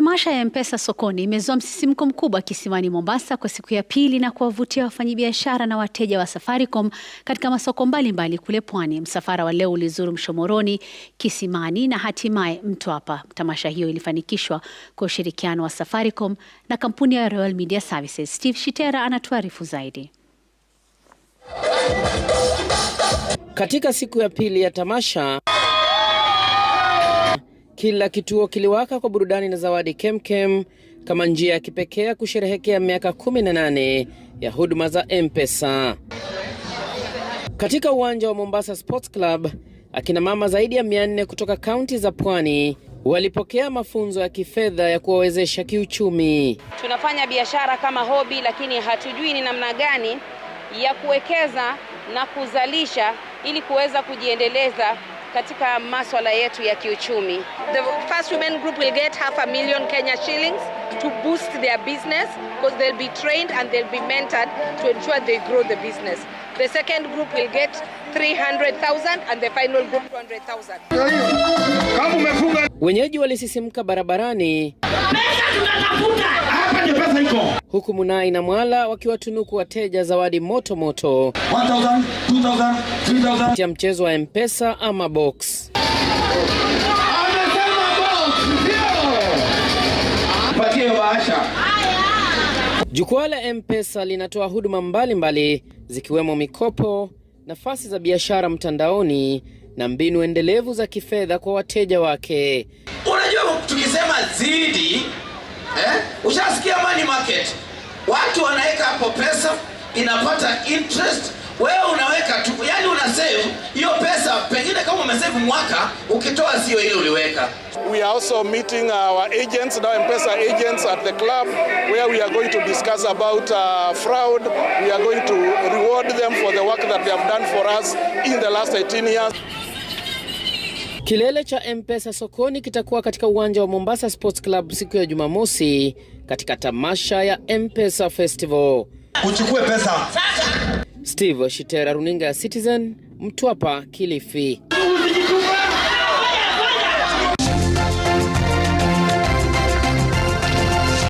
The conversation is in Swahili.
Tamasha ya M-Pesa sokoni imezua msisimko mkubwa kisiwani Mombasa kwa siku ya pili na kuwavutia wafanyabiashara na wateja wa Safaricom katika masoko mbalimbali kule Pwani. Msafara wa leo ulizuru Mshomoroni, Kisimani na hatimaye Mtwapa. Tamasha hiyo ilifanikishwa kwa ushirikiano wa Safaricom na kampuni ya Royal Media Services. Steve Shitera anatuarifu zaidi. Katika siku ya pili ya tamasha kila kituo kiliwaka kwa burudani na zawadi kemkem kama njia ya kipekee ya kusherehekea miaka 18 ya huduma za M-Pesa. Katika uwanja wa Mombasa Sports Club, akina mama zaidi ya 400 kutoka kaunti za Pwani walipokea mafunzo ya kifedha ya kuwawezesha kiuchumi. Tunafanya biashara kama hobi, lakini hatujui ni namna gani ya kuwekeza na kuzalisha ili kuweza kujiendeleza katika maswala yetu ya kiuchumi. The first women group will get half a million Kenya shillings to boost their business because they'll be trained and they'll be mentored to ensure they grow the business. The second group will get 300,000 and the final group 200,000. wenyeji walisisimka barabarani. Pesa tunatafuta. Hapa ndio pesa iko huku Munai na Mwala wakiwatunuku wateja zawadi moto moto ya mchezo wa Mpesa ama box. Jukwaa la Mpesa linatoa huduma mbalimbali mbali, zikiwemo mikopo, nafasi za biashara mtandaoni na mbinu endelevu za kifedha kwa wateja wake. Unajua tukisema zidi eh? Ushasikia money market, watu wanaweka hapo pesa inapata interest, wewe unaweka tu, yani una save hiyo pesa, pengine kama umesave mwaka, ukitoa sio ile uliweka. We are also meeting our agents, now M-Pesa agents at the club, where we are going to discuss about uh, fraud. We are going to reward them for the work that they have done for us in the last 18 years. Kilele cha Mpesa sokoni kitakuwa katika uwanja wa Mombasa Sports Club siku ya Jumamosi katika tamasha ya Mpesa Festival. Uchukue pesa. Steve Shitera, runinga ya Citizen, Mtwapa, Kilifi.